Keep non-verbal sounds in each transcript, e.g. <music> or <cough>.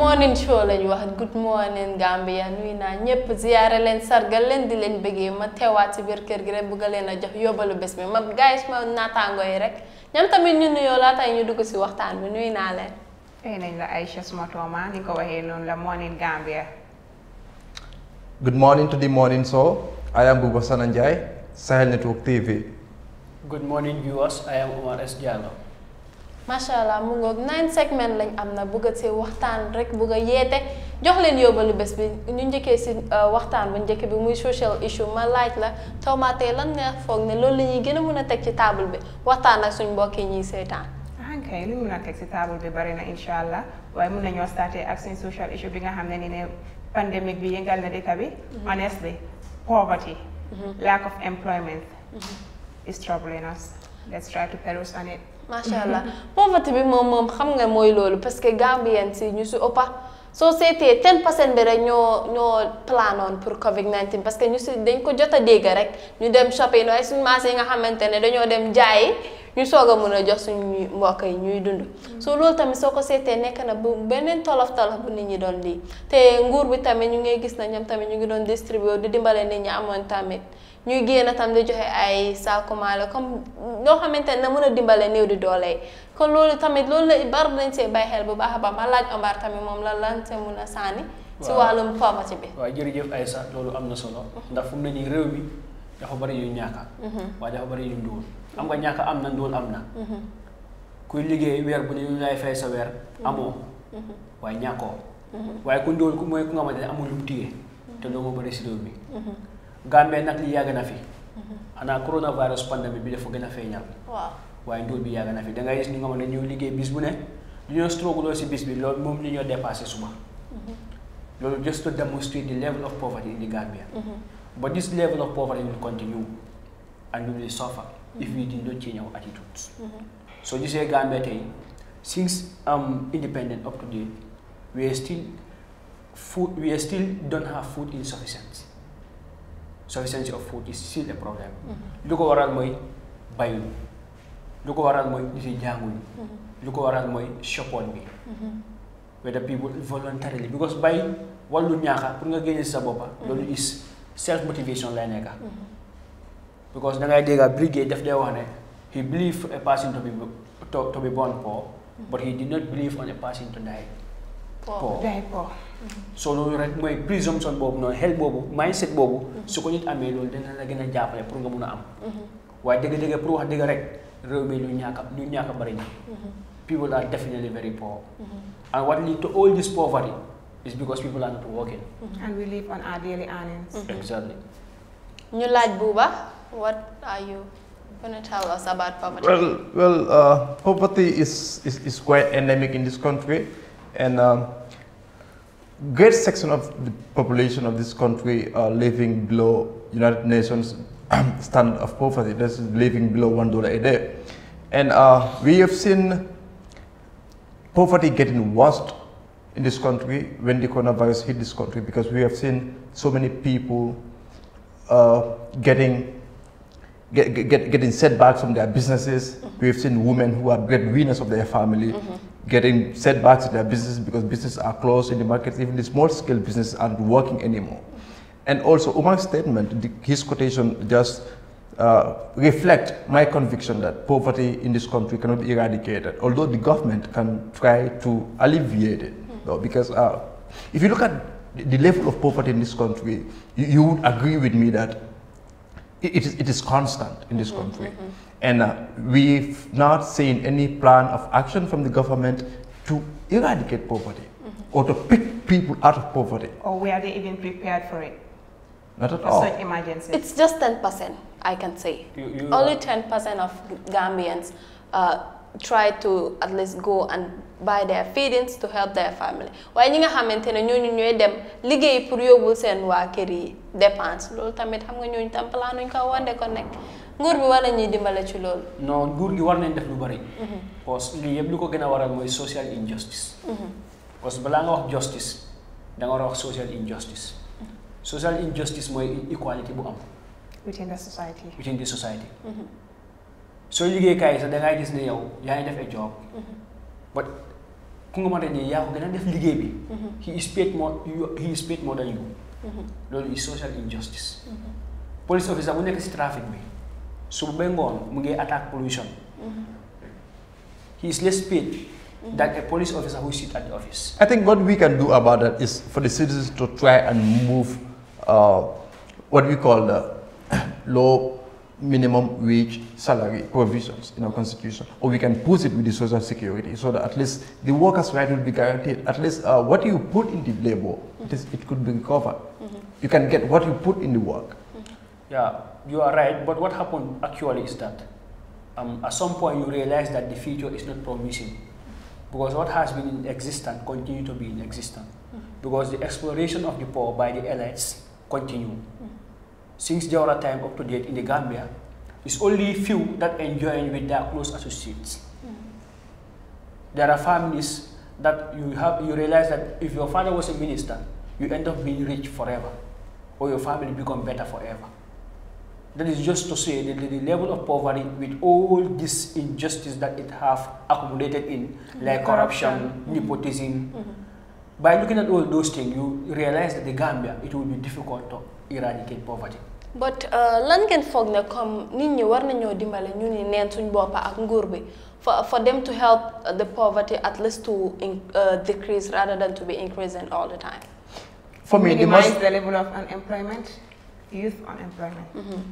morning show lañ wax good morning Gambia nuy na ñepp ziaré len sargal len di len bëggé ma téwaat ci bir kër gi rek bëggalé na jox yobalu bës bi ma guys, ma nata naataangoo yi rek ñam tamit ñu la tay ñu dugg ci waxtaan bi nuy na leen. ay nañ la Aïcha suma toma ni ko waxé non la morning Gambia. Good morning to the morning show. I am Buba Sananjay, Sahel Network TV. Good morning viewers. I am Omar S. Diallo. macha allah mu ngoog nine segment lañ am na bëgg a waxtaan rek bëgg a yeete jox leen yóbbalu bés bi ñu njëkkee si euh, waxtaan bu njëkk bi muy social issue ma laaj la Touma tey lan nga foog ne loolu la ñuy gën a mën a teg ci table bi waxtaan ak suñ mbokk yi ñuy seetaan. Ah, kay li teg si table bi bari na incha allah waaye mun nañoo starté ak seen social issue bi nga xam ne ni ne pandémique bi yëngal na dëkk bi mhm. honestly poverty mhm. lack of employment mhm. is troubling us try to peruse on macha allah <laughs> pauvreté bi moom moom xam nga mooy loolu parce que Gambien si ñu si ëppa soo seetee ten percent bi rek ñoo ñoo planoon pour Covid 19 parce que ñu si dañ ko jot a dégg rek ñu dem shopping waaye suñu marché yi nga xamante ne dañoo dem jaayi. ñu soga mëna jox suñu mbokk yi ñuy dund so lool tamit soko sété nek na bu benen tolof tolof bu nit ñi doon li te nguur bi tamit ñu ngi gis na ñam tamit ñu ngi doon distribuer di dimbalé nit ñi amon tamit ñuy gëna tam di joxe ay saako maalo comme do xamantene na mëna dimbalé new di doole kon loolu tamit loolu la bar nañ ci bay xel bu baax ba ma laaj Omar tamit mom la lan see mëna sani ci walum poverty bi waaw jërëjëf Aïssa loolu amna solo ndax fu mu ne nii dafa bari yu ñaaka mhm. wa dafa bari yu ndóol xam nga ñàkk am na ndóol am na. Mhm. kuy liggéey weer bu ne ñu lay fay sa weer mhm. amoo. Mhm. waaye ñàkkoo. waaye ku ndóol ku mooy ku nga xamante ne amul lu mu téye. te loolu moo bëri si réew yàgg na fi. xanaa coronavirus pandémie bi dafa a feeñal. waaw waaye ndóol bi yàgg na fi dangay ngay gis ñu nga xamante ne ñuy liggéey bis bu ne li ñoo struggle si bis bi loolu moom li ñoo dépassé suba. loolu just to demonstrate the level of poverty in the Gambia. but level of poverty continue and we will suffer. if we did not change our attitudes. Mm-hmm. So you say Gambia today, since um independent up to date, we are still food we are still don't have food insufficiency. Sufficiency of food is still a problem. Mm-hmm. Look around, waral mooy bayuñu lu ko waral mooy nit yi jànguñu mm-hmm. lu my shop mooy whether people voluntarily because bay wàllu ñaaxa pour nga génne sa boppa loolu is self motivation lay because da ngay dégg Brigade daf dee wax ne he believed a person to be to, to be born poor but he did not believe on a person to die poor die poor so loolu rek mooy présomption boobu noonu xel boobu mindset boobu su ko nit amee loolu dina la gën a jàppale pour nga mun a am waaye dëgg-dëgg pour wax dëgg rek réew mi lu ñàkk a lu ñàkk a bëri na people are definitely very poor and what lead to all this poverty is because people are not working and we live on our daily earnings mm-hmm. exactly ñu laaj buuba What are you going to tell us about poverty? Well, well uh, poverty is, is, is, quite endemic in this country. And um, great section of the population of this country are living below United Nations <clears throat> standard of poverty. That's living below one dollar a day. And uh, we have seen poverty getting worse in this country when the coronavirus hit this country because we have seen so many people uh, getting get, get, getting setbacks from their businesses. Mm-hmm. We've seen women who are great winners of their family mm-hmm. getting setbacks to their businesses because businesses are closed in the markets. Even the small scale businesses aren't working anymore. And also, Umar's statement, the, his quotation just uh, reflect my conviction that poverty in this country cannot be eradicated, although the government can try to alleviate it. Mm-hmm. Though, because uh, if you look at the level of poverty in this country, you, you would agree with me that it is, it is constant in this mm-hmm, country. Mm-hmm. And uh, we've not seen any plan of action from the government to eradicate poverty mm-hmm. or to pick people out of poverty. Or were they even prepared for it? Not at all. It's just 10%, I can say. You, you Only 10% of Gambians uh, try to at least go and buy their feedings to help their family waaye ñi nga xamante ne ñooñu ñooy dem liggéey pour yóbbul seen waa kër yi dépense loolu tamit xam nga ñooñu tam plaanuñ ko wande ko nekk nguur bi war nañuy dimbale ci loolu. no nguur gi war nañ def lu bari. Mhm. parce que lii yëpp lu ko gën a waral mooy social injustice. Mhm. parce que balaa nga wax justice da war a wax social injustice. Mhm. social injustice mooy inequality bu am. within the society. within the society. So you get da ngay gis ne yow yaa ngi a job mm-hmm. but ku nga xamante ne yaa ko gën a def liggéey bi. Mm-hmm. he is paid more he is paid more than you. Mm-hmm. loolu is social injustice. police officer bu nekk si traffic bi suba ba ngoon mu ngi attack pollution. he is less paid than a police officer who sit at the office. I think what we can do about that is for the citizens to try and move uh, what we call the <coughs> low minimum wage salary provisions in our constitution or we can put it with the social security so that at least the workers right will be guaranteed at least uh, what you put in the labor it, is, it could be recovered mm -hmm. you can get what you put in the work mm -hmm. yeah you are right but what happened actually is that um, at some point you realize that the future is not promising because what has been in existence continue to be in existence mm-hmm. because the exploration of the poor by the elites continue mm-hmm since Jawara time up to date in the Gambia, it's only few that enjoy with their close associates. Mm There are families that you have you realize that if your father was a minister, you end up being rich forever, or your family become better forever. That is just to say that the level of poverty with all this injustice that it have accumulated in, mm-hmm. like corruption, mm-hmm. nepotism. Mm -hmm. By looking at all those things, you realize that the Gambia, it will be difficult to eradicate poverty. but uh, lan ngeen foog ne comme nit ñi war nañoo dimbale ñu ni neen suñ boppa ak nguur bi for for them to help the poverty at least to uh, decrease rather than to be increasing all the time. for me the most the level of unemployment youth unemployment. Mm-hmm.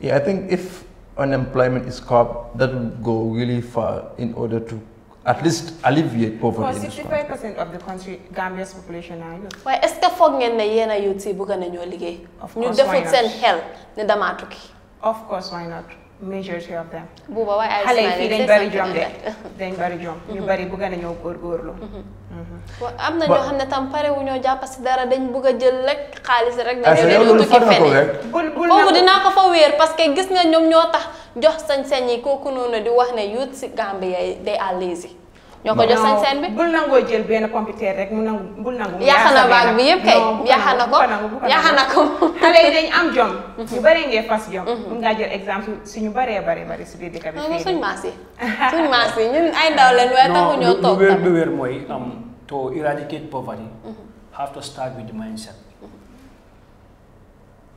yeah I think if unemployment is curbed that will go really far in order to at least alleviate poverty. Well, 65% of population are youth. Why, est foog ngeen ne yéen a youth yi bëgg nañoo liggéey. ñu defut seen xel ne damaa tukki. Of course, why not? majority mm-hmm. mm-hmm. Mm-hmm. am na ñoo xam ne tam pare wu ñoo jàpp si dara dañ bëgg a jël rek xaalis rek. dañoo dañoo tukki feneen. bul bul foofu dinaa ko fa wéer parce gis nga ñoom ñoo tax. jox sañ-sañ yi kooku noonu di wax ne youth si Gambia day à l'aise ñoo ko jox sañ-sañ bi bul nangoo jël benn computer rek mu nangu na baag bi yëpp kay yàq na ko yàq ko xale yi dañ am jom <laughs> ñu bëree ngee fas jom mhm. mun ngaa jël exemple suñu bëree bari bari si biir dëkk bi fii suñ maas yi <laughs> suñ maas yi ñun ay ndaw leen waaye taxu ñoo toog lu wér mooy um, to eradicate poverty mhm. have to start with the mindset mhm.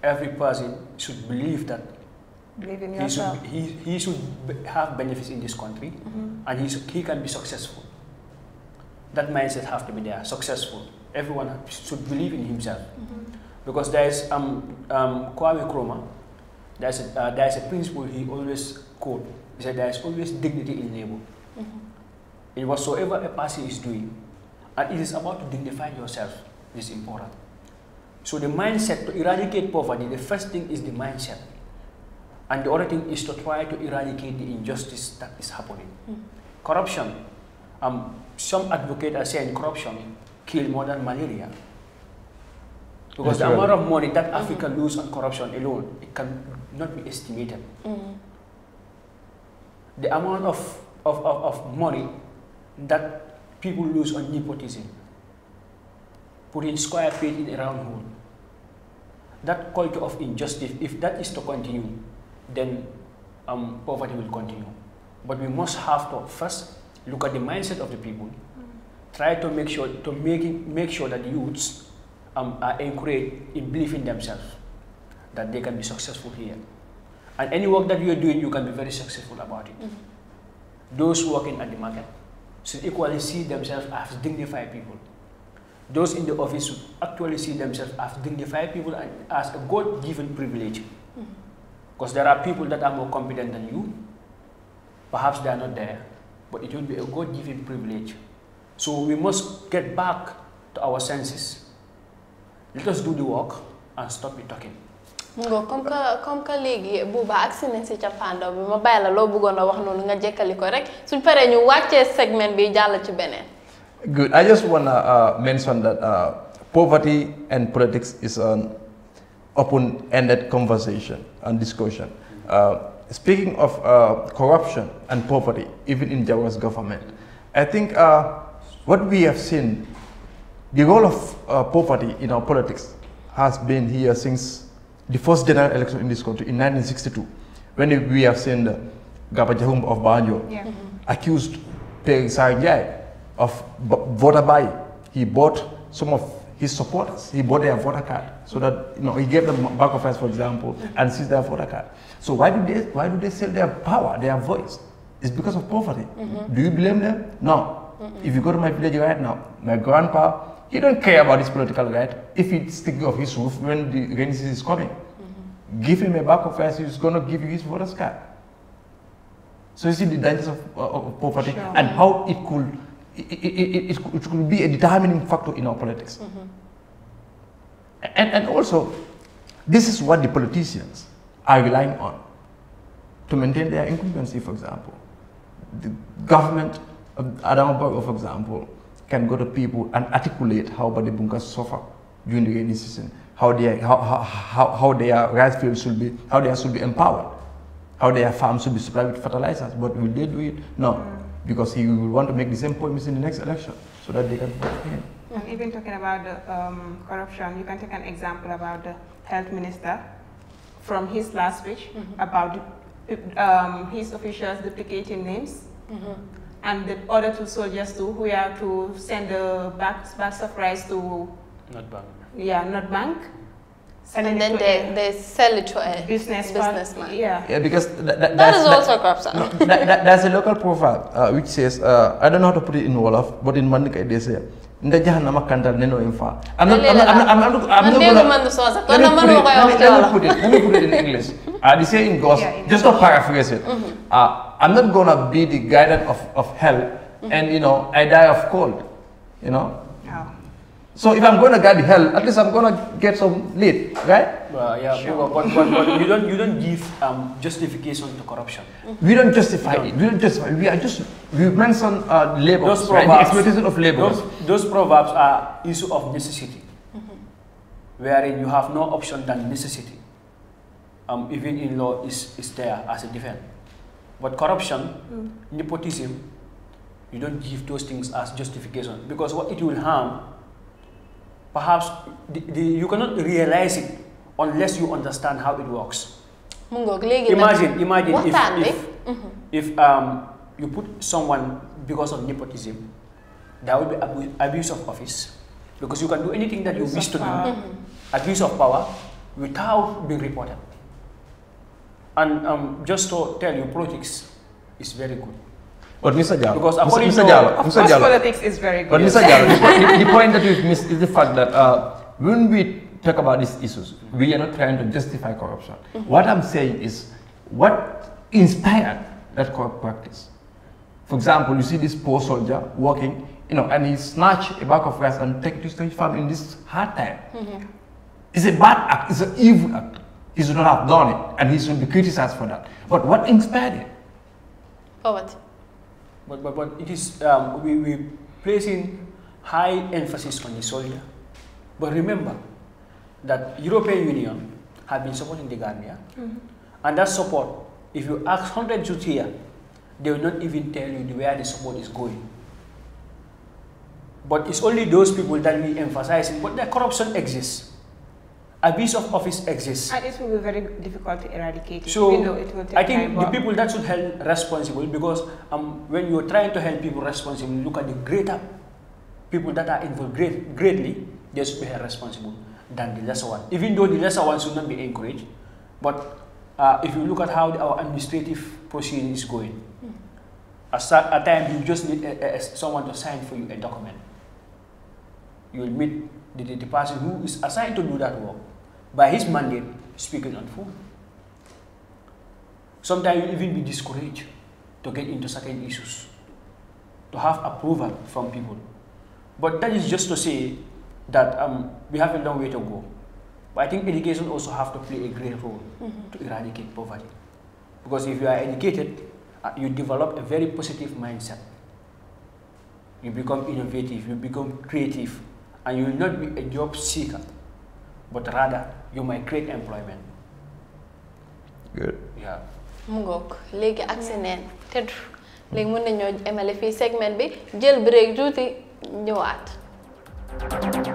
every person should believe that Believe in yourself. He should, he, he should have benefits in this country mm -hmm. and he, should, he can be successful. That mindset have to be there, successful. Everyone should believe in himself. Mm -hmm. Because there is um, um, Kwame Nkrumah, there's a, uh, there's a principle he always quote. He said there is always dignity in labor. Mm -hmm. In whatsoever a person is doing, and it is about to dignify yourself, it is important. So the mindset to eradicate poverty, the first thing is the mindset. And the other thing is to try to eradicate the injustice that is happening. Mm. Corruption. Um, some advocates are saying corruption kills more than malaria. Because That's the right. amount of money that hmm. Africa mm loses on corruption alone, it cannot be estimated. Mm. The amount of, of, of, of money that people lose on nepotism, putting square peg in a round hole, that culture of injustice, if that is to continue, then um, poverty will continue. But we must have to first look at the mindset of the people, try to make sure to make it, make sure that youths um, are encouraged in believing themselves that they can be successful here. And any work that you are doing, you can be very successful about it. Mm -hmm. Those working at the market should equally see themselves as dignified people. Those in the office should actually see themselves as dignified people and as a God-given privilege. Mm -hmm. Because there are people that are more competent than you. Perhaps they are not there, but it would be a God given privilege. So we must get back to our senses. Let us do the work and stop the talking. Mungo, comme que comme que léegi buuba agsi nañ si cappaandaw bi ma bàyyi la loo bëggoon a wax noonu nga jekkali ko rek suñ paree segment bi jàll ci good I just wanna uh, mention that uh, poverty and politics is an open-ended conversation and discussion. Uh, speaking of uh, corruption and poverty, even in Jawa's government, I think uh, what we have seen, the role of uh, poverty in our politics has been here since the first general election in this country in 1962, when we have seen the Gaba of Banjo yeah. mm -hmm. accused Peri Sanjay of voter buy. He bought some of his supporters. He bought their voter card so that you know he gave them back of us, for example, and seized their voter card. So why do they why do they sell their power, their voice? It's because of poverty. Mm -hmm. Do you blame them? No. Mm -mm. If you go to my village right now, my grandpa, he don't care about his political right. If he's thinking of his roof when the rainy season is coming, -hmm. give him a back of us, he's gonna give you his voter card. So you see the dangers of, uh, of poverty sure. and how it could it, it, it, could be a determining factor in our politics. Mm -hmm. And, and also, this is what the politicians are relying on to maintain their incumbency, for example. The government of Adamabago, for example, can go to people and articulate how Badibunkas suffer during the rainy season, how, they, how, how, how their rice fields should be, how they should be empowered, how their farms should be supplied with fertilizers. But will they do it? No because he will want to make the same promise in the next election so that they can vote for him. And even talking about the um, corruption, you can take an example about the health minister from his last speech mm -hmm. about um, his officials duplicating names mm -hmm. and the other two soldiers too who are to send the bags, bags rice to... Not bank. Yeah, not bank. Selling and then they, a, they sell it to a business businessman. Yeah. Yeah, because that is also corruption. No, that, that's a local proverb uh, which says, uh, I don't know how to put it in Wolof, but in Mandika they uh, say, nda jahannama kantal neno infa i'm not i'm not i'm not i'm not going to let me put it let me put it in english uh, say in goes yeah, just to paraphrase it mm -hmm. uh, i'm not going to be the guidance of, of hell mm -hmm. and you know i die of cold you know so if I'm going to get hell, at least I'm going to get some lead, right? Well, yeah, sure. but, but, but you don't you don't give um, justification to corruption. We don't justify it. We don't justify. We are just we mention uh, labor, those proverbs, right? the exploitation of labor. Those, those, proverbs are issue of necessity, mm -hmm. wherein you have no option than necessity. Um, even in law is is there as a defense, but corruption, mm. nepotism, you don't give those things as justification because what it will harm perhaps the, the, you cannot realize it unless you understand how it works. Imagine, imagine if, if, eh? mm-hmm. if um, you put someone because of nepotism, that would be abuse of office because you can do anything that you wish to do, mm-hmm. abuse of power, without being reported. And um, just to tell you, politics is very good. But Mr. Jallo, because according Mr. Jallo, Mr. Jallo, politics is very good. But Mr. Jallo, the, the, point that we've missed is the fact that uh, when we talk about these issues, we are not trying to justify corruption. Mm -hmm. What I'm saying is what inspired that corrupt practice. For example, you see this poor soldier walking, you know, and he snatch a bag of rice and take it to his farm in this hard time. Mm -hmm. It's a bad act. It's an evil act. He should not have done it, and he should be criticized for that. But what inspired it? Poverty but, but, but it is, um, we, we placing high emphasis on the soldier. But remember that European Union have been supporting the Gambia. Mm -hmm. And that support, if you ask 100 youth here, they will not even tell you where the support is going. But it's only those people that we emphasize, but the corruption exists abuse of office exists. And uh, it will be very difficult to eradicate so even though it will take I think time the people that should help responsible because um, when you're trying to help people responsible, look at the greater people that are involved great, greatly, they should be held responsible than the lesser one. Even though the lesser one should not be encouraged, but uh, if you look at how our administrative proceeding is going, mm at, a times you just need a, eh, a, eh, someone to sign for you a document. You'll meet the, the person who is assigned to do that work by his mandate speaking on food, Sometimes you even be discouraged to get into certain issues, to have approval from people. But that is just to say that um, we have a long way to go. But I think education also have to play a great role mm -hmm. to eradicate poverty. Because if you are educated, uh, you develop a very positive mindset. You become innovative, you become creative, and you will not be a job seeker. but rather you might create employment. mu ngoog léegi ak seneen tëdd léegi mën nañoo emale fii segment bi jël break tuuti ñëwaat.